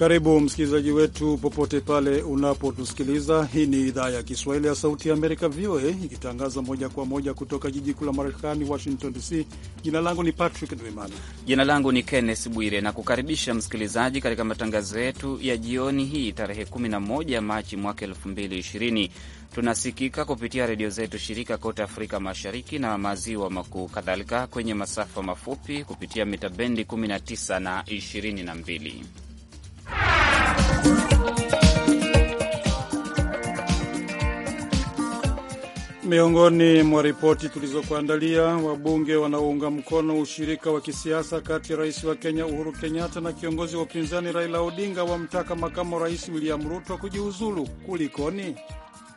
Karibu msikilizaji wetu popote pale unapotusikiliza. Hii ni idhaa ya Kiswahili ya Sauti ya Amerika, VOA, ikitangaza moja kwa moja kutoka jiji kuu la Marekani, Washington DC. Jina langu ni Patrick Ndwimana. Jina langu ni Kenneth Bwire na kukaribisha msikilizaji katika matangazo yetu ya jioni hii tarehe 11 Machi mwaka 2020. Tunasikika kupitia redio zetu shirika kote Afrika Mashariki na Maziwa Makuu, kadhalika kwenye masafa mafupi kupitia mita bendi 19 na 22. Miongoni mwa ripoti tulizokuandalia, wabunge wanaounga mkono ushirika wa kisiasa kati ya rais wa Kenya Uhuru Kenyatta na kiongozi wa upinzani Raila Odinga wamtaka makamu wa rais William Ruto kujiuzulu. Kulikoni?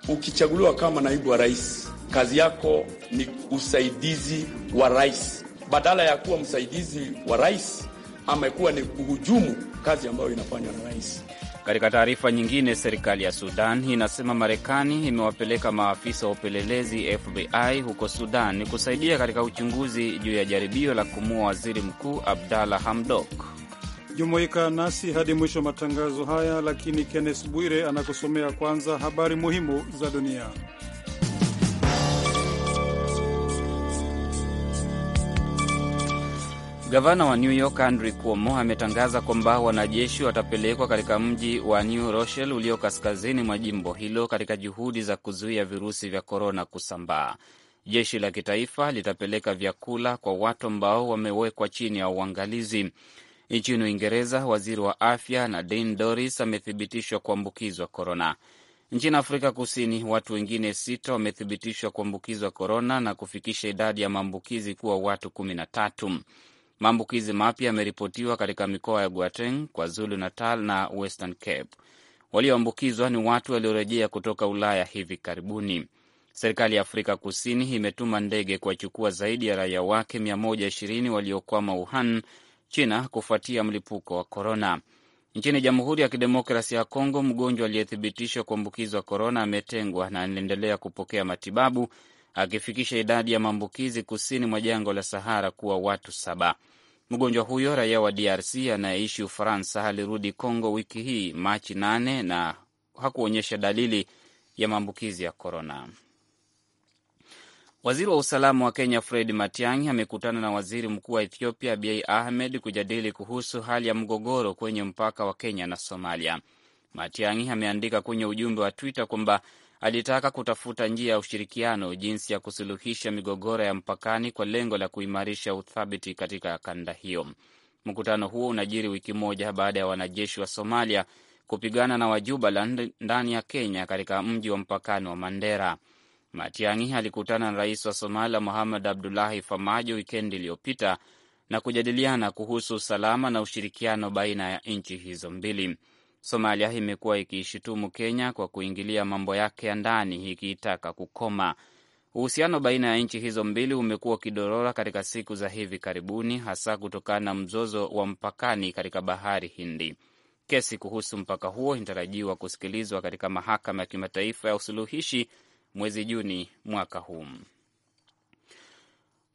Ukichaguliwa kama naibu wa rais, kazi yako ni usaidizi wa rais. Badala ya kuwa msaidizi wa rais, amekuwa ni kuhujumu kazi ambayo inafanywa na rais. Katika taarifa nyingine, serikali ya Sudan inasema Marekani imewapeleka maafisa wa upelelezi FBI huko Sudan kusaidia katika uchunguzi juu ya jaribio la kumua waziri mkuu Abdalla Hamdok. Jumuika nasi hadi mwisho wa matangazo haya, lakini Kennes Bwire anakusomea kwanza habari muhimu za dunia. Gavana wa New York Andrew Cuomo ametangaza kwamba wanajeshi watapelekwa katika mji wa New Rochelle ulio kaskazini mwa jimbo hilo katika juhudi za kuzuia virusi vya korona kusambaa. Jeshi la kitaifa litapeleka vyakula kwa watu ambao wamewekwa chini ya uangalizi. Nchini Uingereza, waziri wa afya Nadine Dorries amethibitishwa kuambukizwa korona. Nchini Afrika Kusini, watu wengine sita wamethibitishwa kuambukizwa korona na kufikisha idadi ya maambukizi kuwa watu kumi na tatu. Maambukizi mapya yameripotiwa katika mikoa ya Gauteng, KwaZulu Natal na Western Cape. Walioambukizwa ni watu waliorejea kutoka Ulaya hivi karibuni. Serikali ya Afrika Kusini imetuma ndege kuwachukua zaidi ya raia wake 120 waliokwama Wuhan, China, kufuatia mlipuko wa korona. Nchini Jamhuri ya Kidemokrasia ya Kongo, mgonjwa aliyethibitishwa kuambukizwa korona ametengwa na anaendelea kupokea matibabu akifikisha idadi ya maambukizi kusini mwa jangwa la Sahara kuwa watu saba. Mgonjwa huyo raia wa DRC anayeishi Ufaransa alirudi congo wiki hii Machi 8 na hakuonyesha dalili ya maambukizi ya korona. Waziri wa usalama wa Kenya Fred Matiang'i amekutana na waziri mkuu wa Ethiopia Abiy Ahmed kujadili kuhusu hali ya mgogoro kwenye mpaka wa Kenya na Somalia. Matiang'i ameandika kwenye ujumbe wa Twitter kwamba alitaka kutafuta njia ya ushirikiano jinsi ya kusuluhisha migogoro ya mpakani kwa lengo la kuimarisha uthabiti katika kanda hiyo. Mkutano huo unajiri wiki moja baada ya wanajeshi wa Somalia kupigana na Wajubaland ndani ya Kenya katika mji wa mpakani wa Mandera. Matiang'i alikutana na rais wa Somalia muhamad abdulahi Farmajo wikendi iliyopita na kujadiliana kuhusu usalama na ushirikiano baina ya nchi hizo mbili. Somalia imekuwa ikiishutumu Kenya kwa kuingilia mambo yake ya ndani ikiitaka kukoma. Uhusiano baina ya nchi hizo mbili umekuwa ukidorora katika siku za hivi karibuni, hasa kutokana na mzozo wa mpakani katika bahari Hindi. Kesi kuhusu mpaka huo inatarajiwa kusikilizwa katika mahakama ya kimataifa ya usuluhishi mwezi Juni mwaka huu.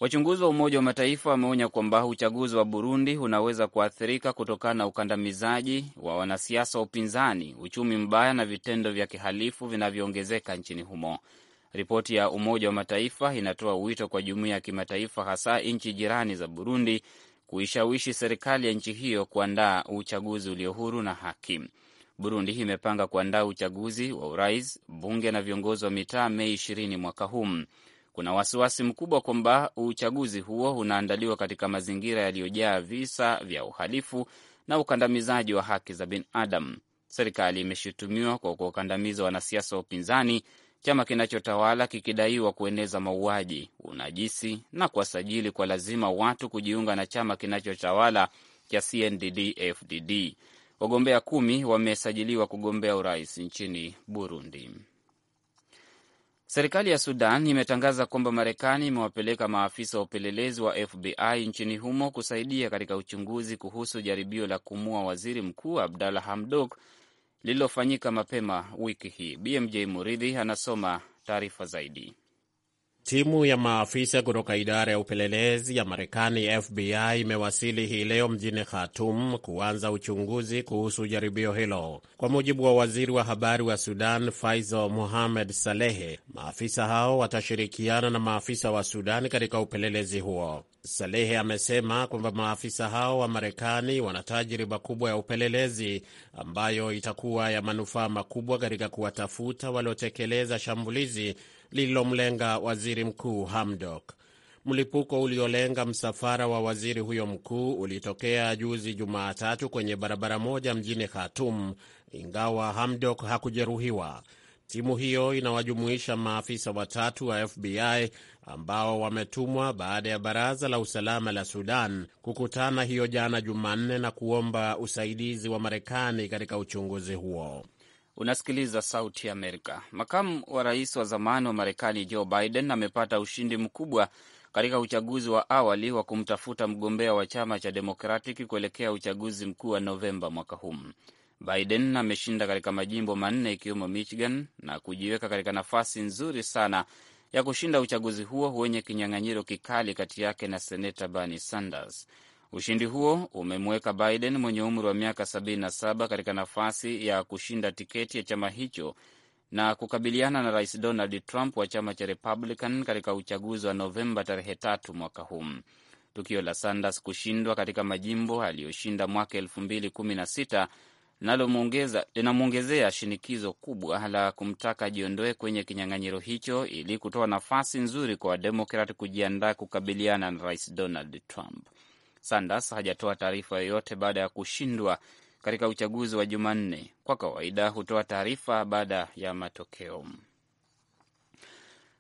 Wachunguzi wa Umoja wa Mataifa wameonya kwamba uchaguzi wa Burundi unaweza kuathirika kutokana na ukandamizaji wa wanasiasa wa upinzani, uchumi mbaya na vitendo vya kihalifu vinavyoongezeka nchini humo. Ripoti ya Umoja wa Mataifa inatoa wito kwa jumuiya ya kimataifa, hasa nchi jirani za Burundi, kuishawishi serikali ya nchi hiyo kuandaa uchaguzi ulio huru na haki. Burundi imepanga kuandaa uchaguzi wa urais, bunge na viongozi wa mitaa Mei 20 mwaka huu. Kuna wasiwasi mkubwa kwamba uchaguzi huo unaandaliwa katika mazingira yaliyojaa visa vya uhalifu na ukandamizaji wa haki za binadamu. Serikali imeshutumiwa kwa kuwakandamiza wanasiasa wa upinzani, chama kinachotawala kikidaiwa kueneza mauaji, unajisi na kuwasajili kwa lazima watu kujiunga na chama kinachotawala cha CNDD-FDD. Wagombea kumi wamesajiliwa kugombea urais nchini Burundi. Serikali ya Sudan imetangaza kwamba Marekani imewapeleka maafisa wa upelelezi wa FBI nchini humo kusaidia katika uchunguzi kuhusu jaribio la kumua waziri mkuu Abdalla Hamdok lililofanyika mapema wiki hii. BMJ Muridhi anasoma taarifa zaidi. Timu ya maafisa kutoka idara ya upelelezi ya Marekani, FBI, imewasili hii leo mjini khatum kuanza uchunguzi kuhusu jaribio hilo. Kwa mujibu wa waziri wa habari wa Sudan, Faizo muhamed Salehe, maafisa hao watashirikiana na maafisa wa Sudan katika upelelezi huo. Salehe amesema kwamba maafisa hao wa Marekani wana tajriba kubwa ya upelelezi ambayo itakuwa ya manufaa makubwa katika kuwatafuta waliotekeleza shambulizi lililomlenga waziri mkuu Hamdok. Mlipuko uliolenga msafara wa waziri huyo mkuu ulitokea juzi Jumatatu kwenye barabara moja mjini Khartoum, ingawa Hamdok hakujeruhiwa. Timu hiyo inawajumuisha maafisa watatu wa FBI ambao wametumwa baada ya baraza la usalama la Sudan kukutana hiyo jana Jumanne na kuomba usaidizi wa Marekani katika uchunguzi huo. Unasikiliza Sauti ya Amerika. Makamu wa rais wa zamani wa Marekani Joe Biden amepata ushindi mkubwa katika uchaguzi wa awali wa kumtafuta mgombea wa chama cha Demokratic kuelekea uchaguzi mkuu wa Novemba mwaka huu. Biden ameshinda katika majimbo manne ikiwemo Michigan na kujiweka katika nafasi nzuri sana ya kushinda uchaguzi huo wenye kinyang'anyiro kikali kati yake na seneta Bernie Sanders. Ushindi huo umemweka Biden mwenye umri wa miaka 77 katika nafasi ya kushinda tiketi ya chama hicho na kukabiliana na rais Donald Trump wa chama cha Republican katika uchaguzi wa Novemba tarehe tatu mwaka huu. Tukio la Sanders kushindwa katika majimbo aliyoshinda mwaka 2016 linamwongezea shinikizo kubwa la kumtaka ajiondoe kwenye kinyang'anyiro hicho ili kutoa nafasi nzuri kwa Wademokrat kujiandaa kukabiliana na rais Donald Trump. Sanders hajatoa taarifa yoyote baada ya kushindwa katika uchaguzi wa Jumanne. Kwa kawaida hutoa taarifa baada ya matokeo.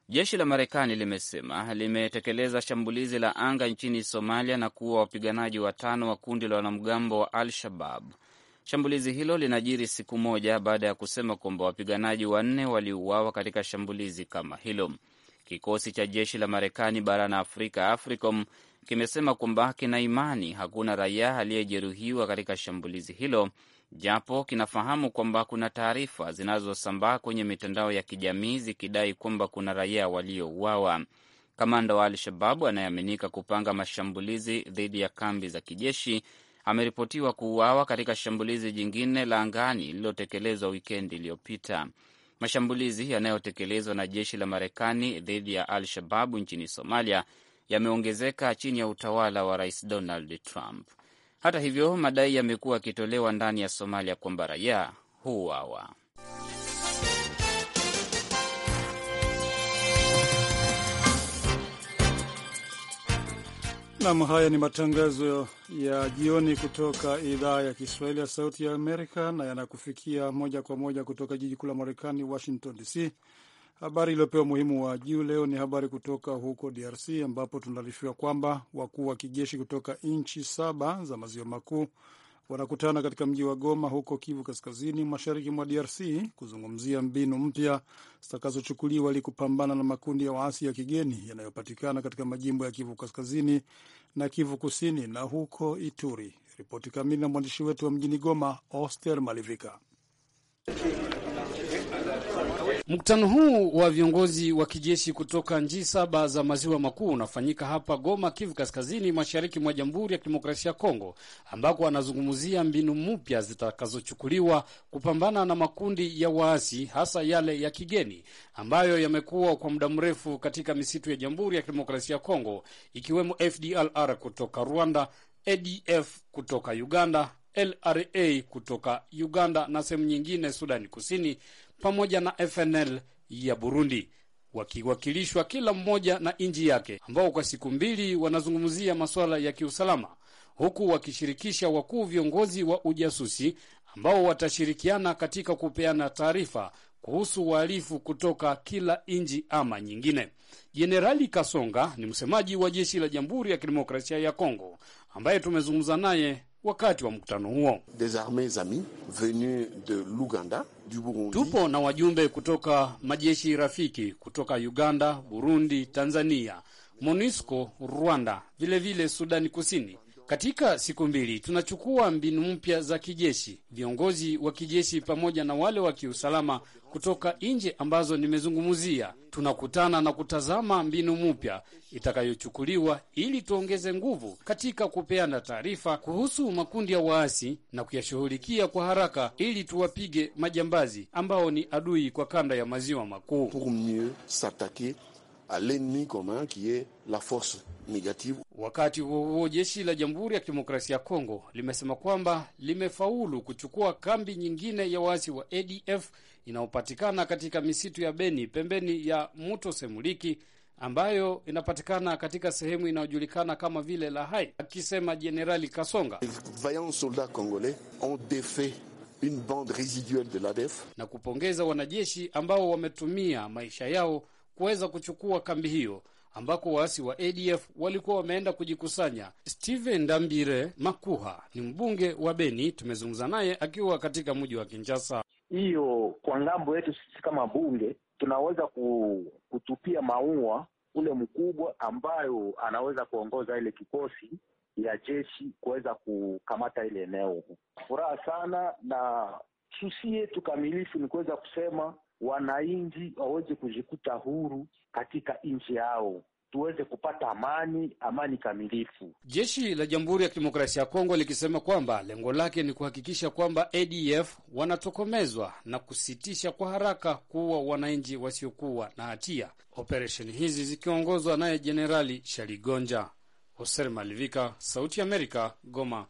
Jeshi la Marekani limesema limetekeleza shambulizi la anga nchini Somalia na kuua wapiganaji watano wa kundi la wanamgambo wa Al-Shabab. Shambulizi hilo linajiri siku moja baada ya kusema kwamba wapiganaji wanne waliuawa katika shambulizi kama hilo. Kikosi cha jeshi la Marekani barani Afrika, AFRICOM, kimesema kwamba kina imani hakuna raia aliyejeruhiwa katika shambulizi hilo, japo kinafahamu kwamba kuna taarifa zinazosambaa kwenye mitandao ya kijamii zikidai kwamba kuna raia waliouawa. Kamanda wa Al-Shababu anayeaminika kupanga mashambulizi dhidi ya kambi za kijeshi ameripotiwa kuuawa katika shambulizi jingine la angani lililotekelezwa wikendi iliyopita. Mashambulizi yanayotekelezwa na jeshi la Marekani dhidi ya Al-Shababu nchini Somalia yameongezeka chini ya utawala wa Rais Donald Trump. Hata hivyo, madai yamekuwa yakitolewa ndani ya Somalia kwamba raia huuawa. Nam, haya ni matangazo ya jioni kutoka idhaa ya Kiswahili ya Sauti ya Amerika na yanakufikia moja kwa moja kutoka jiji kuu la Marekani, Washington DC. Habari iliyopewa umuhimu wa juu leo ni habari kutoka huko DRC ambapo tunaarifiwa kwamba wakuu wa kijeshi kutoka nchi saba za maziwa makuu wanakutana katika mji wa Goma huko Kivu Kaskazini, mashariki mwa DRC kuzungumzia mbinu mpya zitakazochukuliwa ili kupambana na makundi ya waasi ya kigeni yanayopatikana katika majimbo ya Kivu Kaskazini na Kivu Kusini na huko Ituri. Ripoti kamili na mwandishi wetu wa mjini Goma, Oster Malivika. Mkutano huu wa viongozi wa kijeshi kutoka nchi saba za maziwa makuu unafanyika hapa Goma, Kivu Kaskazini, mashariki mwa Jamhuri ya Kidemokrasia ya Kongo, ambako wanazungumzia mbinu mpya zitakazochukuliwa kupambana na makundi ya waasi, hasa yale ya kigeni ambayo yamekuwa kwa muda mrefu katika misitu ya Jamhuri ya Kidemokrasia ya Kongo, ikiwemo FDLR kutoka Rwanda, ADF kutoka Uganda, LRA kutoka Uganda na sehemu nyingine Sudani Kusini, pamoja na FNL ya Burundi wakiwakilishwa kila mmoja na nchi yake, ambao kwa siku mbili wanazungumzia masuala ya kiusalama, huku wakishirikisha wakuu viongozi wa ujasusi ambao watashirikiana katika kupeana taarifa kuhusu uhalifu kutoka kila nchi ama nyingine. Jenerali Kasonga ni msemaji wa jeshi la Jamhuri ya Kidemokrasia ya Kongo ambaye tumezungumza naye wakati wa mkutano huo. Tupo na wajumbe kutoka majeshi rafiki kutoka Uganda, Burundi, Tanzania, MONUSCO, Rwanda, vilevile vile Sudani Kusini. Katika siku mbili tunachukua mbinu mpya za kijeshi. Viongozi wa kijeshi pamoja na wale wa kiusalama kutoka nje ambazo nimezungumzia, tunakutana na kutazama mbinu mpya itakayochukuliwa ili tuongeze nguvu katika kupeana taarifa kuhusu makundi ya waasi na kuyashughulikia kwa haraka ili tuwapige majambazi ambao ni adui kwa kanda ya maziwa makuu. pour mieux s'attaquer à l'ennemi commun qui est la force negative. Wakati huo huo, jeshi la Jamhuri ya Kidemokrasia ya Kongo limesema kwamba limefaulu kuchukua kambi nyingine ya waasi wa ADF inayopatikana katika misitu ya Beni pembeni ya mto Semuliki ambayo inapatikana katika sehemu inayojulikana kama vile Lahai, akisema Jenerali Kasonga, vaillant congolais ont defait une bande residuelle de l'ADF, na kupongeza wanajeshi ambao wametumia maisha yao kuweza kuchukua kambi hiyo ambako waasi wa ADF walikuwa wameenda kujikusanya. Steven dambire Makuha ni mbunge wa Beni, tumezungumza naye akiwa katika mji wa Kinshasa. Hiyo kwa ngambo yetu sisi kama bunge tunaweza kutupia maua ule mkubwa ambayo anaweza kuongoza ile kikosi ya jeshi kuweza kukamata ile eneo. Furaha sana na susi yetu kamilifu ni kuweza kusema wananchi waweze kujikuta huru katika nchi yao, tuweze kupata amani, amani kamilifu. Jeshi la Jamhuri ya Kidemokrasia ya Kongo likisema kwamba lengo lake ni kuhakikisha kwamba ADF wanatokomezwa na kusitisha kwa haraka kuwa wananchi wasiokuwa na hatia, operesheni hizi zikiongozwa naye Jenerali Shaligonja. Hoser Malivika, Sauti ya Amerika, Goma.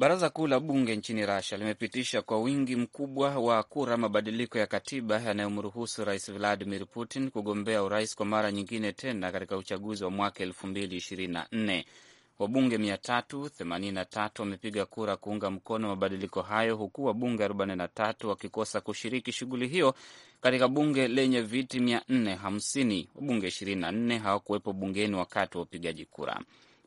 Baraza kuu la bunge nchini Rasia limepitisha kwa wingi mkubwa wa kura mabadiliko ya katiba yanayomruhusu rais Vladimir Putin kugombea urais kwa mara nyingine tena katika uchaguzi wa mwaka 224 Wabunge 383 wamepiga kura kuunga mkono mabadiliko hayo, huku wabunge 43 wakikosa kushiriki shughuli hiyo katika bunge lenye viti 450. Wabunge 24 hawakuwepo bungeni wakati wa upigaji kura.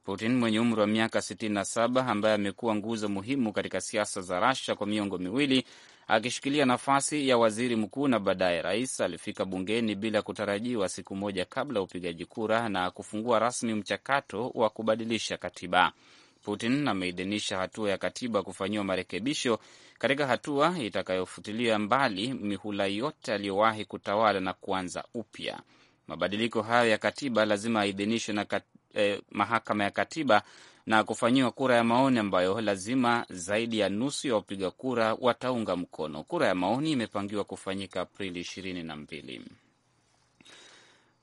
Putin mwenye umri wa miaka 67 ambaye amekuwa nguzo muhimu katika siasa za Russia kwa miongo miwili akishikilia nafasi ya waziri mkuu na baadaye rais, alifika bungeni bila kutarajiwa siku moja kabla ya upigaji kura na kufungua rasmi mchakato wa kubadilisha katiba. Putin ameidhinisha hatua ya katiba kufanyiwa marekebisho katika hatua itakayofutilia mbali mihula yote aliyowahi kutawala na kuanza upya. Mabadiliko hayo ya katiba lazima aidhinishwe na eh, mahakama ya katiba na kufanyiwa kura ya maoni ambayo lazima zaidi ya nusu ya wapiga kura wataunga mkono. Kura ya maoni imepangiwa kufanyika Aprili ishirini na mbili.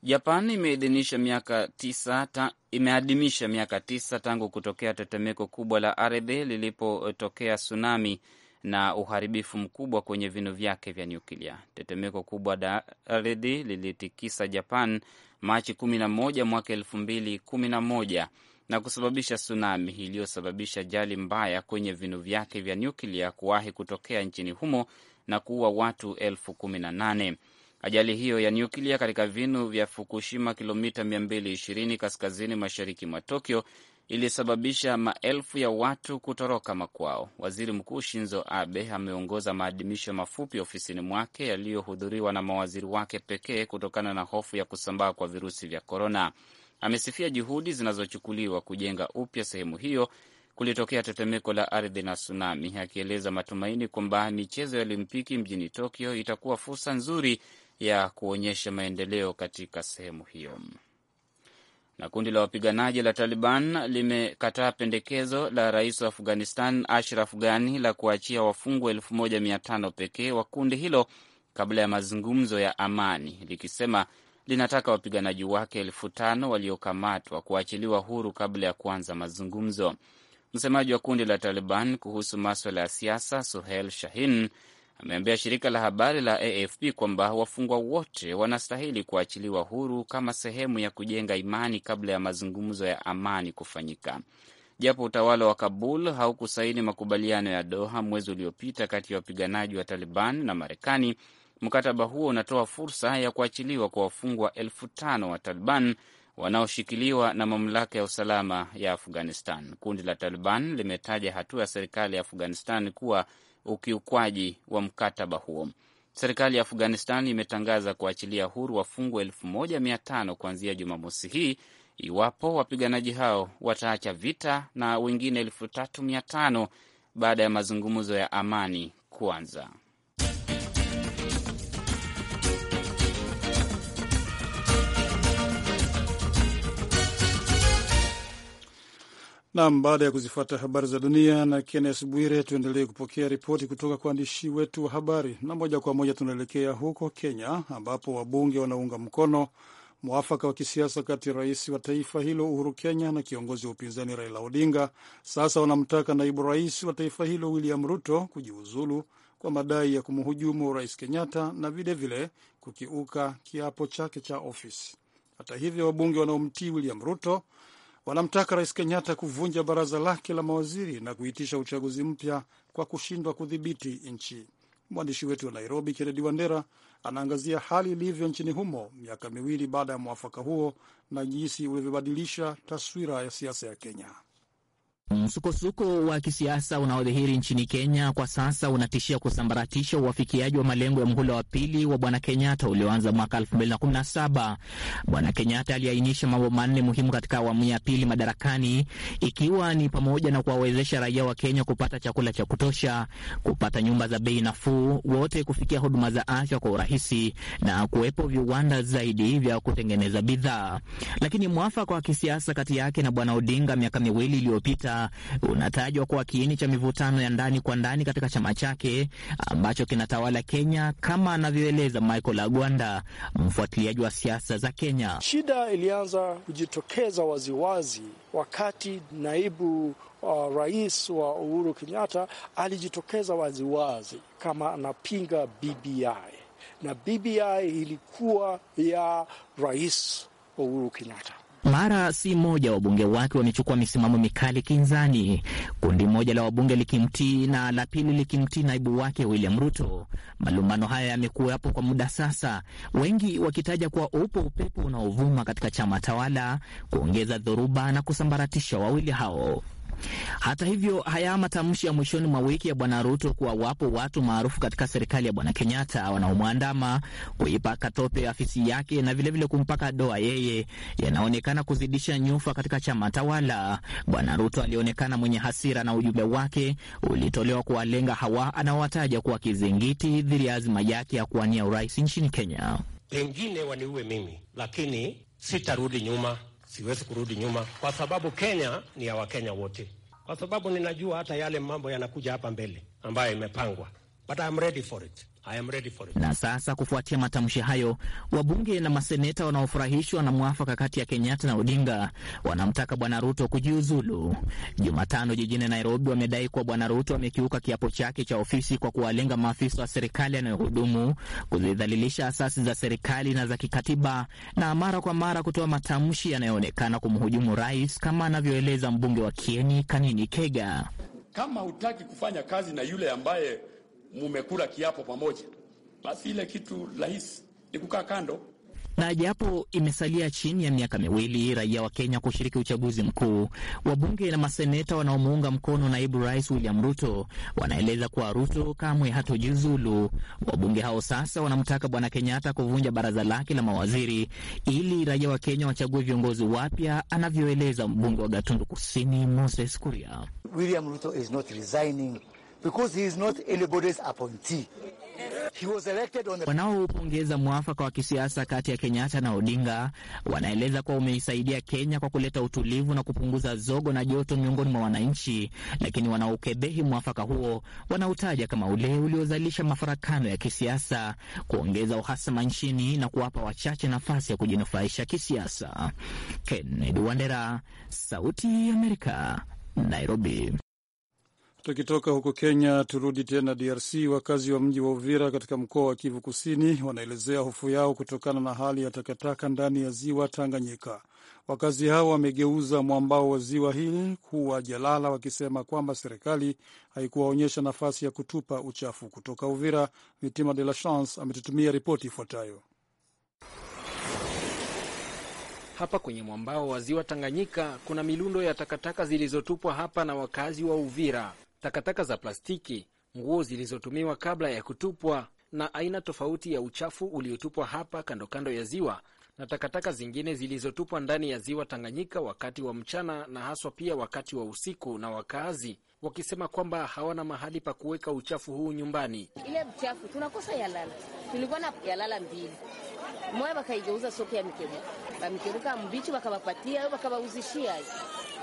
Japan imeadhimisha miaka tisa, ta, imeadhimisha miaka tisa tangu kutokea tetemeko kubwa la ardhi lilipotokea tsunami na uharibifu mkubwa kwenye vinu vyake vya nyuklia. Tetemeko kubwa la ardhi lilitikisa Japan Machi 11 mwaka 2011 na kusababisha tsunami iliyosababisha ajali mbaya kwenye vinu vyake vya nyuklia kuwahi kutokea nchini humo na kuua watu elfu kumi na nane. Ajali hiyo ya nyuklia katika vinu vya Fukushima, kilomita 220 kaskazini mashariki mwa Tokyo, ilisababisha maelfu ya watu kutoroka makwao. Waziri Mkuu Shinzo Abe ameongoza maadhimisho mafupi ofisini mwake yaliyohudhuriwa na mawaziri wake pekee kutokana na hofu ya kusambaa kwa virusi vya korona. Amesifia juhudi zinazochukuliwa kujenga upya sehemu hiyo kulitokea tetemeko la ardhi na tsunami, akieleza matumaini kwamba michezo ya Olimpiki mjini Tokyo itakuwa fursa nzuri ya kuonyesha maendeleo katika sehemu hiyo na kundi la wapiganaji la Taliban limekataa pendekezo la rais wa Afghanistan Ashraf Ghani la kuachia wafungwa 15 pekee wa kundi hilo kabla ya mazungumzo ya amani, likisema linataka wapiganaji wake elfu tano waliokamatwa kuachiliwa huru kabla ya kuanza mazungumzo. Msemaji wa kundi la Taliban kuhusu maswala ya siasa Suhel Shahin ameambia shirika la habari la AFP kwamba wafungwa wote wanastahili kuachiliwa huru kama sehemu ya kujenga imani kabla ya mazungumzo ya amani kufanyika. Japo utawala wa Kabul haukusaini makubaliano ya Doha mwezi uliopita kati ya wapiganaji wa Taliban na Marekani, mkataba huo unatoa fursa ya kuachiliwa kwa wafungwa elfu tano wa Taliban wanaoshikiliwa na mamlaka ya usalama ya Afghanistan. Kundi la Taliban limetaja hatua ya serikali ya Afghanistan kuwa ukiukwaji wa mkataba huo. Serikali ya Afghanistan imetangaza kuachilia huru wafungwa elfu moja mia tano kuanzia Jumamosi hii iwapo wapiganaji hao wataacha vita na wengine elfu tatu mia tano baada ya mazungumzo ya amani kuanza. Nam, baada ya kuzifata habari za dunia na Kennes Bwire, tuendelee kupokea ripoti kutoka kwa waandishi wetu wa habari, na moja kwa moja tunaelekea huko Kenya ambapo wabunge wanaunga mkono mwafaka wa kisiasa kati ya rais wa taifa hilo Uhuru Kenya na kiongozi wa upinzani Raila Odinga sasa wanamtaka naibu rais wa taifa hilo William Ruto kujiuzulu kwa madai ya kumhujumu Rais Kenyatta na vilevile kukiuka kiapo chake cha ofisi. Hata hivyo, wabunge wanaomtii William Ruto wanamtaka Rais Kenyatta kuvunja baraza lake la mawaziri na kuitisha uchaguzi mpya kwa kushindwa kudhibiti nchi. Mwandishi wetu wa Nairobi, Kennedy Wandera, anaangazia hali ilivyo nchini humo miaka miwili baada ya mwafaka huo na jinsi ulivyobadilisha taswira ya siasa ya Kenya. Msukosuko mm, wa kisiasa unaodhihiri nchini Kenya kwa sasa unatishia kusambaratisha uwafikiaji wa malengo ya mhula wa pili wa Bwana Kenyatta ulioanza mwaka 2017. Bwana Kenyatta aliainisha mambo manne muhimu katika awamu ya pili madarakani, ikiwa ni pamoja na kuwawezesha raia wa Kenya kupata chakula cha kutosha, kupata nyumba za bei nafuu, wote kufikia huduma za afya kwa urahisi na kuwepo viwanda zaidi vya kutengeneza bidhaa. Lakini mwafaka wa kisiasa kati yake na Bwana Odinga miaka miwili iliyopita unatajwa kuwa kiini cha mivutano ya ndani kwa ndani katika chama chake ambacho kinatawala Kenya, kama anavyoeleza Michael Agwanda, mfuatiliaji wa siasa za Kenya. Shida ilianza kujitokeza waziwazi wakati naibu Uh, rais wa Uhuru Kenyatta alijitokeza waziwazi kama anapinga BBI na BBI ilikuwa ya rais wa Uhuru Kenyatta. Mara si moja wabunge wake wamechukua misimamo mikali kinzani, kundi moja la wabunge likimtii na la pili likimtii naibu wake William Ruto. Malumbano haya yamekuwa kwa muda sasa, wengi wakitaja kuwa upo upepo unaovuma katika chama tawala kuongeza dhoruba na kusambaratisha wawili hao. Hata hivyo, haya matamshi ya mwishoni mwa wiki ya Bwana Ruto kuwa wapo watu maarufu katika serikali ya Bwana Kenyatta wanaomwandama, kuipaka tope afisi yake na vilevile kumpaka doa yeye, yanaonekana kuzidisha nyufa katika chama tawala. Bwana Ruto alionekana mwenye hasira na ujumbe wake ulitolewa kuwalenga hawa anaowataja kuwa kizingiti dhidi ya azima yake ya kuwania urais nchini Kenya. Pengine waniue mimi, lakini sitarudi nyuma siwezi kurudi nyuma, kwa sababu Kenya ni ya Wakenya wote, kwa sababu ninajua hata yale mambo yanakuja hapa mbele ambayo imepangwa But ready for it. I am ready for it. Na sasa kufuatia matamshi hayo, wabunge na maseneta wanaofurahishwa na mwafaka kati ya Kenyatta na Odinga wanamtaka Bwana Ruto kujiuzulu. Jumatano jijini Nairobi, wamedai kuwa Bwana Ruto amekiuka kiapo chake cha ofisi kwa kuwalenga maafisa wa serikali yanayohudumu, kuzidhalilisha asasi za serikali na za kikatiba, na mara kwa mara kutoa matamshi yanayoonekana kumhujumu rais, kama anavyoeleza mbunge wa Kieni Kanini Kega. Kama hutaki kufanya kazi na yule ambaye mumekula kiapo pamoja, basi ile kitu rahisi ni kukaa kando. Na japo imesalia chini ya miaka miwili raia wa Kenya kushiriki uchaguzi mkuu, wabunge na maseneta wanaomuunga mkono naibu rais William Ruto wanaeleza kuwa Ruto kamwe hatojiuzulu. Wabunge hao sasa wanamtaka bwana Kenyatta kuvunja baraza lake la mawaziri ili raia wa Kenya wachague viongozi wapya, anavyoeleza mbunge wa Gatundu Kusini Moses Kuria. William Ruto is not resigning because he is not anybody's appointee. Wanaopongeza mwafaka wa kisiasa kati ya Kenyatta na Odinga wanaeleza kuwa umeisaidia Kenya kwa kuleta utulivu na kupunguza zogo na joto miongoni mwa wananchi, lakini wanaokebehi mwafaka huo wanautaja kama ule uliozalisha mafarakano ya kisiasa, kuongeza uhasama nchini na kuwapa wachache nafasi ya kujinufaisha kisiasa. Kennedy Wandera, Sauti ya Amerika, Nairobi. Tukitoka huko Kenya turudi tena DRC. Wakazi wa mji wa Uvira katika mkoa wa Kivu Kusini wanaelezea hofu yao kutokana na hali ya takataka ndani ya ziwa Tanganyika. Wakazi hao wamegeuza mwambao wa ziwa hili kuwa jalala, wakisema kwamba serikali haikuwaonyesha nafasi ya kutupa uchafu. Kutoka Uvira, Mitima de la Chance ametutumia ripoti ifuatayo. Hapa kwenye mwambao wa ziwa Tanganyika kuna milundo ya takataka zilizotupwa hapa na wakazi wa Uvira takataka za plastiki, nguo zilizotumiwa kabla ya kutupwa, na aina tofauti ya uchafu uliotupwa hapa kando kando ya ziwa na takataka zingine zilizotupwa ndani ya ziwa Tanganyika wakati wa mchana na haswa pia wakati wa usiku, na wakaazi wakisema kwamba hawana mahali pa kuweka uchafu huu nyumbani. Ile mchafu tunakosa yalala, tulikuwa na yalala mbili, moya wakaigeuza soko ya mikeruka, wamikeruka mbichi wakawapatia, wakawauzishia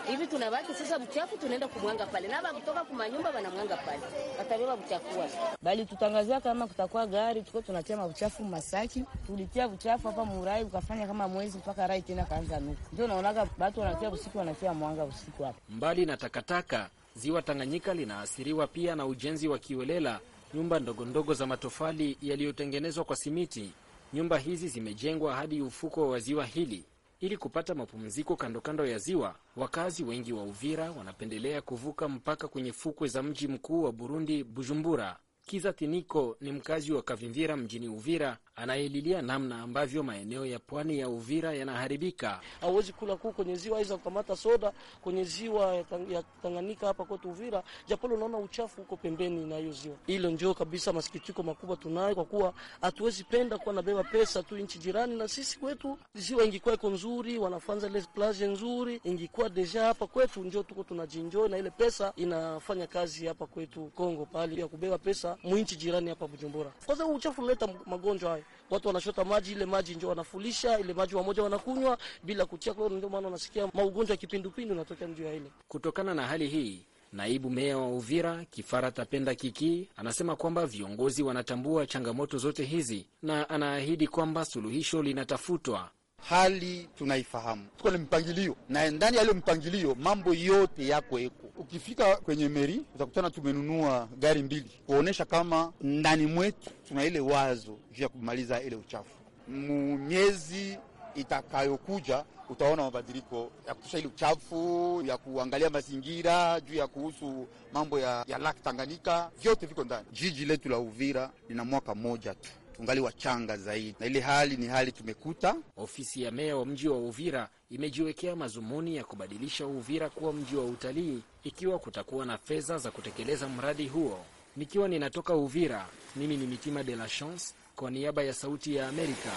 hivi tunabaki sasa, mchafu tunaenda kumwanga pale, na kutoka kwa nyumba wanamwanga pale, watabeba mchafu wao. bali tutangazia kama kutakuwa gari tuko tunatia mauchafu Masaki, tulitia uchafu hapa Murai, ukafanya kama mwezi mpaka Rai tena kaanza nuku. Ndio naonaga watu wanatia usiku, wanatia mwanga usiku hapa. Mbali na takataka, ziwa Tanganyika linaathiriwa pia na ujenzi wa kiolela, nyumba ndogo ndogo za matofali yaliyotengenezwa kwa simiti. Nyumba hizi zimejengwa hadi ufuko wa ziwa hili ili kupata mapumziko kando kando ya ziwa. Wakazi wengi wa Uvira wanapendelea kuvuka mpaka kwenye fukwe za mji mkuu wa Burundi, Bujumbura. Kiza Tiniko ni mkazi wa Kavimvira mjini Uvira anayelilia namna ambavyo maeneo ya pwani ya Uvira yanaharibika. Hauwezi kula kuku kwenye ziwa, aweza kukamata soda kwenye ziwa ya Tanganyika hapa kwetu Uvira, japole unaona uchafu huko pembeni na hiyo ziwa. Hilo ndio kabisa masikitiko makubwa tunayo, kwa kuwa hatuwezi penda kuwa nabeba pesa tu nchi jirani na sisi kwetu. Ziwa ingikuwa iko nzuri, wanafanza ile plage nzuri, ingikuwa deja hapa kwetu, njo tuko tunajinjoi na ile pesa inafanya kazi hapa kwetu Kongo, pahali ya kubeba pesa mwinchi jirani hapa Bujumbura. Kwanza uchafu unaleta magonjwa hayo watu wanashota maji, ile maji ndio wanafulisha ile maji, wamoja wanakunywa bila kutia kloro, ndio maana unasikia maugonjwa ya kipindupindu unatokea ya ile. Kutokana na hali hii Naibu meya wa Uvira Kifara Tapenda Kiki anasema kwamba viongozi wanatambua changamoto zote hizi na anaahidi kwamba suluhisho linatafutwa Hali tunaifahamu, tuko na mpangilio na ndani ya ile mpangilio mambo yote yako eko. Ukifika kwenye meri utakutana tumenunua gari mbili kuonyesha kama ndani mwetu tuna ile wazo juu ya kumaliza ile uchafu. Miezi itakayokuja utaona mabadiliko ya kutusha ile uchafu, ya kuangalia mazingira, juu ya kuhusu mambo ya, ya lak Tanganyika, vyote viko ndani. Jiji letu la Uvira lina mwaka moja tu tungali wachanga zaidi, na ile hali ni hali tumekuta. Ofisi ya meya wa mji wa Uvira imejiwekea mazumuni ya kubadilisha Uvira kuwa mji wa utalii ikiwa kutakuwa na fedha za kutekeleza mradi huo. Nikiwa ninatoka Uvira, mimi ni Mitima de la Chance kwa niaba ya Sauti ya Amerika.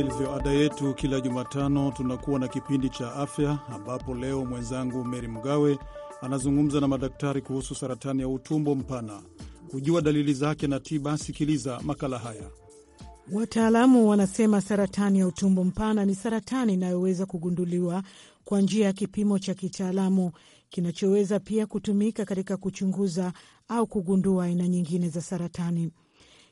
ilivyo ada yetu, kila Jumatano tunakuwa na kipindi cha afya, ambapo leo mwenzangu Meri Mgawe anazungumza na madaktari kuhusu saratani ya utumbo mpana. Kujua dalili zake na tiba, sikiliza makala haya. Wataalamu wanasema saratani ya utumbo mpana ni saratani inayoweza kugunduliwa kwa njia ya kipimo cha kitaalamu kinachoweza pia kutumika katika kuchunguza au kugundua aina nyingine za saratani.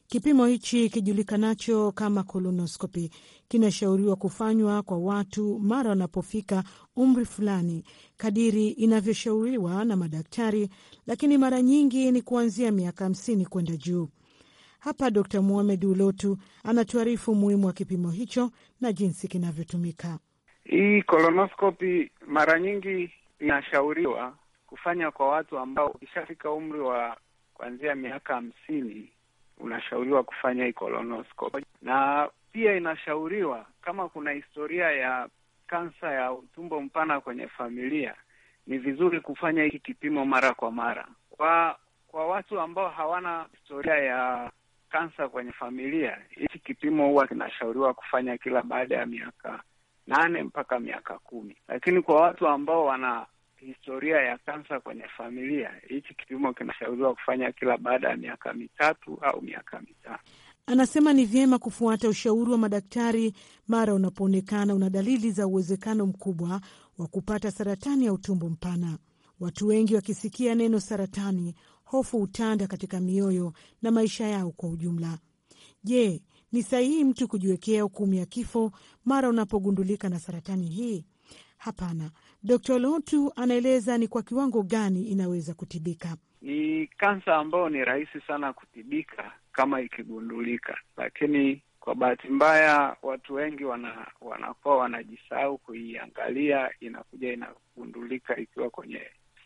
Kipimo hichi kijulikanacho kama kolonoskopi kinashauriwa kufanywa kwa watu mara wanapofika umri fulani kadiri inavyoshauriwa na madaktari, lakini mara nyingi ni kuanzia miaka hamsini kwenda juu. Hapa Dr muhamed Ulotu anatuarifu umuhimu wa kipimo hicho na jinsi kinavyotumika. Hii kolonoskopi mara nyingi inashauriwa kufanya kwa watu ambao ishafika umri wa kuanzia miaka hamsini unashauriwa kufanya colonoscopy, na pia inashauriwa kama kuna historia ya kansa ya utumbo mpana kwenye familia, ni vizuri kufanya hiki kipimo mara kwa mara. Kwa kwa watu ambao hawana historia ya kansa kwenye familia, hiki kipimo huwa kinashauriwa kufanya kila baada ya miaka nane mpaka miaka kumi, lakini kwa watu ambao wana historia ya kansa kwenye familia. Hichi kipimo kinashauriwa kufanya kila baada ya miaka mitatu au miaka mitano. Anasema ni vyema kufuata ushauri wa madaktari mara unapoonekana una dalili za uwezekano mkubwa wa kupata saratani ya utumbo mpana. Watu wengi wakisikia neno saratani, hofu hutanda katika mioyo na maisha yao kwa ujumla. Je, ni sahihi mtu kujiwekea hukumu ya kifo mara unapogundulika na saratani hii? Hapana, Dr. Lotu anaeleza ni kwa kiwango gani inaweza kutibika. Ni kansa ambayo ni rahisi sana kutibika kama ikigundulika, lakini kwa bahati mbaya watu wengi wana, wanakuwa wanajisahau kuiangalia, inakuja inagundulika ikiwa kwenye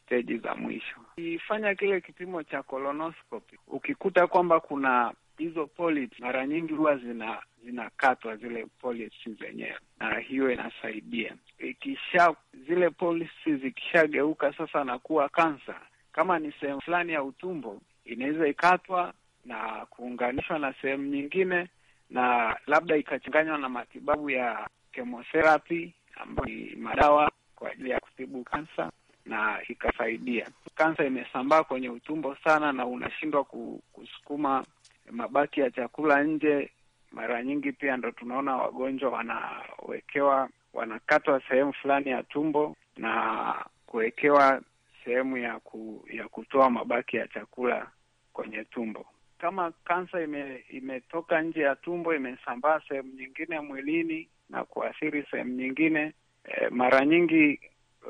steji za mwisho. Ukifanya kile kipimo cha colonoscopy ukikuta kwamba kuna hizo polisi mara nyingi huwa zina zinakatwa zile polisi zenyewe, na hiyo inasaidia. Ikisha zile polisi zikishageuka sasa na kuwa kansa, kama ni sehemu fulani ya utumbo, inaweza ikatwa na kuunganishwa na sehemu nyingine, na labda ikachanganywa na matibabu ya chemotherapy ambayo ni madawa kwa ajili ya kutibu kansa na ikasaidia. Kansa imesambaa kwenye utumbo sana, na unashindwa kusukuma mabaki ya chakula nje. Mara nyingi pia ndo tunaona wagonjwa wanawekewa, wanakatwa sehemu fulani ya tumbo na kuwekewa sehemu ya ku, ya kutoa mabaki ya chakula kwenye tumbo. Kama kansa ime, imetoka nje ya tumbo imesambaa sehemu nyingine mwilini na kuathiri sehemu nyingine, e, mara nyingi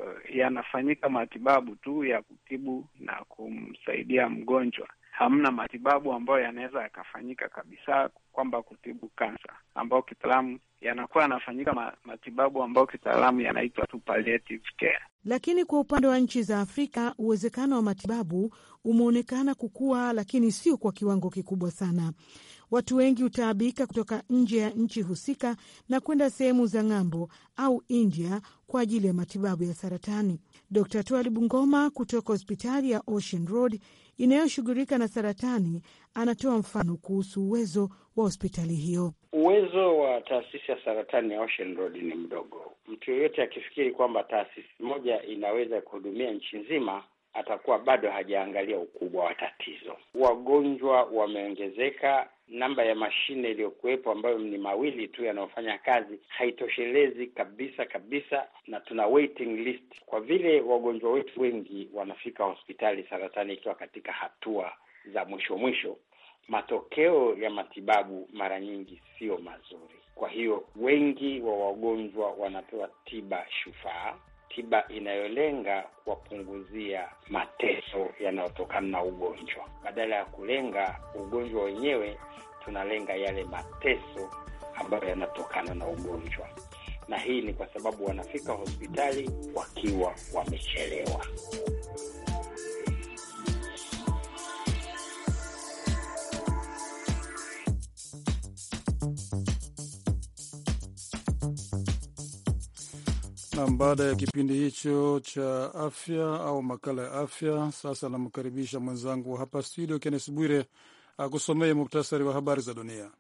eh, yanafanyika matibabu tu ya kutibu na kumsaidia mgonjwa, hamna matibabu ambayo yanaweza yakafanyika kabisa kwamba kutibu kansa, ambayo kitaalamu yanakuwa yanafanyika matibabu ambayo kitaalamu yanaitwa tu palliative care. Lakini kwa upande wa nchi za Afrika uwezekano wa matibabu umeonekana kukua, lakini sio kwa kiwango kikubwa sana watu wengi hutaabika kutoka nje ya nchi husika na kwenda sehemu za ng'ambo au India kwa ajili ya matibabu ya saratani. Dr Twalib Ngoma kutoka hospitali ya Ocean Road inayoshughulika na saratani anatoa mfano kuhusu uwezo wa hospitali hiyo. Uwezo wa taasisi ya saratani ya Ocean Road ni mdogo. Mtu yoyote akifikiri kwamba taasisi moja inaweza kuhudumia nchi nzima atakuwa bado hajaangalia ukubwa wa tatizo. Wagonjwa wameongezeka, namba ya mashine iliyokuwepo ambayo ni mawili tu yanayofanya kazi haitoshelezi kabisa kabisa, na tuna waiting list kwa vile wagonjwa wetu wengi wanafika hospitali saratani ikiwa katika hatua za mwisho mwisho. Matokeo ya matibabu mara nyingi sio mazuri. Kwa hiyo wengi wa wagonjwa wanapewa tiba shufaa tiba inayolenga kuwapunguzia mateso yanayotokana na ugonjwa. Badala ya kulenga ugonjwa wenyewe, tunalenga yale mateso ambayo yanatokana na ugonjwa, na hii ni kwa sababu wanafika hospitali wakiwa wamechelewa. Nam, baada ya kipindi hicho cha afya au makala ya afya, sasa namkaribisha mwenzangu hapa studio Kennes Bwire akusomee muktasari wa habari za dunia.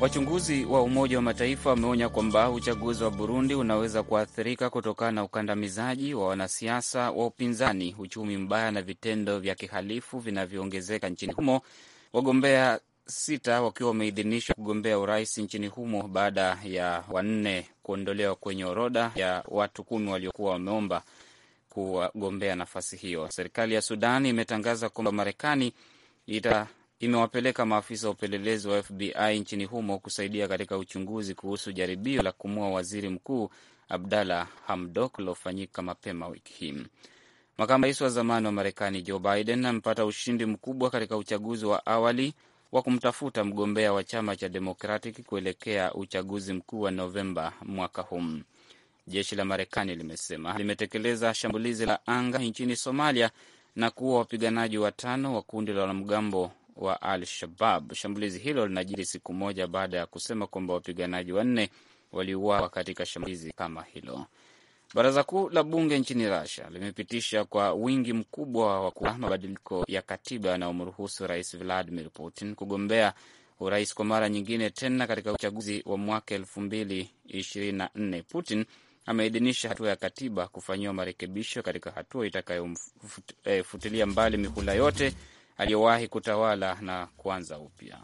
Wachunguzi wa Umoja wa Mataifa wameonya kwamba uchaguzi wa Burundi unaweza kuathirika kutokana na ukandamizaji wa wanasiasa wa upinzani, uchumi mbaya na vitendo vya kihalifu vinavyoongezeka nchini humo. Wagombea sita wakiwa wameidhinishwa kugombea urais nchini humo baada ya wanne kuondolewa kwenye orodha ya watu kumi waliokuwa wameomba kugombea nafasi hiyo. Serikali ya Sudan imetangaza kwamba Marekani ita imewapeleka maafisa wa upelelezi wa FBI nchini humo kusaidia katika uchunguzi kuhusu jaribio la kumua waziri mkuu Abdalla Hamdok lilofanyika mapema wiki hii. Makamu rais wa zamani wa Marekani Joe Biden amepata ushindi mkubwa katika uchaguzi wa awali wa kumtafuta mgombea wa chama cha Democratic kuelekea uchaguzi mkuu wa Novemba mwaka huu. Jeshi la Marekani limesema limetekeleza shambulizi la anga nchini Somalia na kuua wapiganaji watano wa kundi la wanamgambo wa Al-Shabab. Shambulizi hilo linajiri siku moja baada ya kusema kwamba wapiganaji wanne waliuawa katika shambulizi kama hilo. Baraza kuu la bunge nchini Russia limepitisha kwa wingi mkubwa wa kura mabadiliko ya katiba yanayomruhusu rais Vladimir Putin kugombea urais kwa mara nyingine tena katika uchaguzi wa mwaka elfu mbili ishirini na nne. Putin ameidhinisha hatua ya katiba kufanyiwa marekebisho katika hatua itakayofutilia eh, mbali mihula yote aliyowahi kutawala na kuanza upya.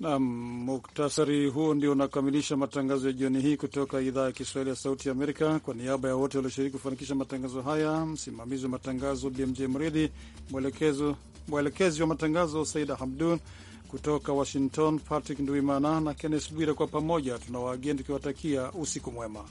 Nam muktasari huo ndio unakamilisha matangazo ya jioni hii kutoka idhaa ya Kiswahili ya Sauti ya Amerika. Kwa niaba ya wote walioshiriki kufanikisha matangazo haya, msimamizi wa matangazo BMJ Mridhi, mwelekezi wa matangazo Saida Hamdun kutoka Washington, Patrick Nduimana na Kennes Bwire, kwa pamoja tuna waageni tukiwatakia usiku mwema.